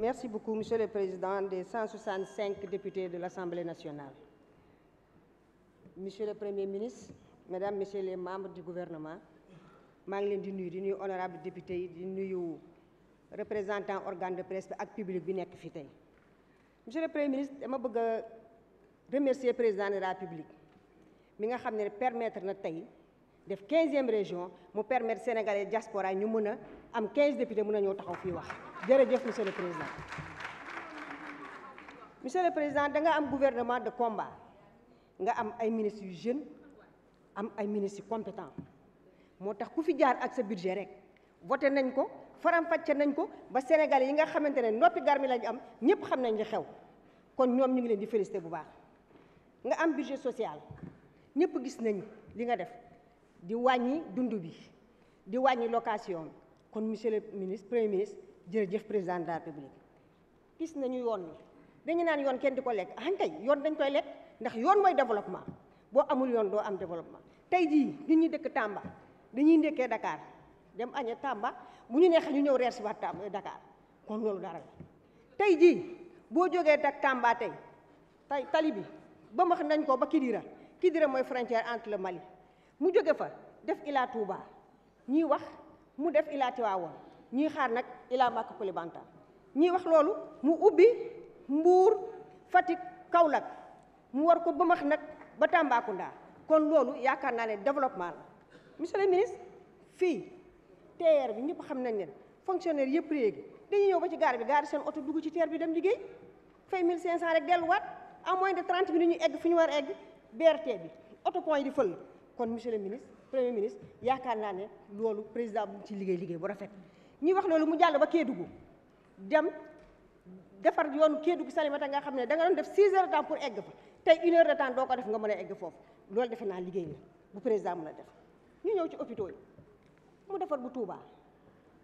Merci beaucoup, Monsieur le Président des 165 députés de l'Assemblée nationale. Monsieur le Premier ministre, Mesdames, Messieurs les membres du gouvernement, maa ngi honorable député représentant organe de presse et public bi monsieur le premier ministre je veux remercier le président de la République mi permettre 15e région mu permettre sénégalais diaspora ñu mën am 15 députés mën a ñëw taxaw fii wax jërëjëf monsieur le président monsieur le président da nga am gouvernement de combat nga am ay ministres yu jeunes am ay ministres yu compétents moo tax ku fi jaar ak sa budget rek voté nañ ko faram fàcce nañ ko ba sénégalais yi nga xamantene nopi garmi lañ am ñepp xam nañ li xew kon ñom ñu ngi leen di féliciter bu baax nga am budget social ñepp gis nañ li nga def di wàññi dund bi di wàññi location bi kon monsieur le ministre premier ministre jërëjëf président de la gis nañu yoon wi dañu naan yoon kenn di ko lekk ah yoon dañ koy lekk ndax yoon mooy développement boo amul yoon doo am développement tey jii ñun ñu dëkk Tamba dañuy ndekkee dakaar dem añe Tamba mu ñu neexee ñu ñëw reer si waat Tamba Dakar kon loolu dara la tey jii boo jógee tak Tamba tey tey tali bi ba nañ ko ba Kidira Kidira mooy frontière entre le Mali mu jóge fa def ilaa Touba ñuy wax mu def ilaa Tiwaawoon ñuy xaar nag ilaa Mbàkke Kulibanta ñuy wax loolu mu ubbi Mbuur Fatick Kaolack mu war ko bëmax nag ba Tambacounda kon loolu yaakaar naa ne développement la monsieur le ministre fii TER bi ñëpp xam nañ ne fonctionnaire yëpp léegi dañuy ñëw ci gaar bi gaar seen oto dugg ci TER bi dem liggéey fay 1500 rek delluwaat en moins de 30 minutes ñu egg fi ñu war a egg BRT bi oto point yi di fël kon monsieur le ministre premier yaakaar naa ne loolu président bu ci liggéey liggéey bu rafet ñuy wax loolu mu jàll ba Kédougou dem defar yoonu Kédougou Salémata nga xam ne da doon def 6 heures de temps pour egg tey une heure de doo ko def nga mën a foofu loolu defe naa liggéey bu président mën a def ñu ñëw ci hôpitaux mu defar bu Touba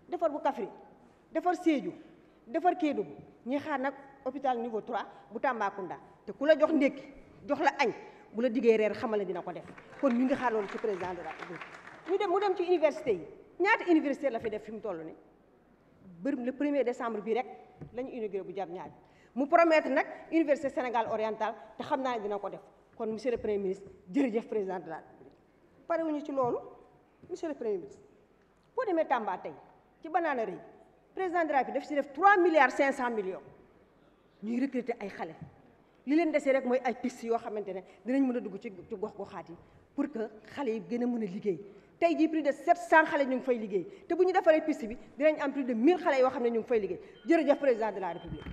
defar bu Kaffrine defar Sédhiou defar Kédougou ñuy xaar nag hôpital niveau 3 bu Tambacounda te ku la jox ndékki jox la añ bu la diggee reer xamal ne dina ko def kon ñu ngi xaar loolu ci président de la République ñu dem mu dem ci université yi ñaata université la fi def fi mu toll nii bër le premier décembre bi rek la ñu inauguré bu jàpp ñaar mu promettre nag université Sénégal oriental te xam naa ne dina ko def kon monsieur le premier ministre jërëjëf président de la République wu ñu ci loolu monsieur le premier ministre boo demee Tamba tey ci banaana rëy président de la daf si def 3 milliards 500 millions ñuy recruter ay xale. li leen desee rek mooy ay piste yoo xamante ne dinañ mën a dugg ci ci gox goxaat yi pour que xale yi gën a mën a liggéey tey jii plus de 700 xale ñu ngi fay liggéey te bu ñu defaree piste bi dinañ am plus de 1000 xale yoo xam ne ñu ngi fay liggéey jërëjëf président de la république.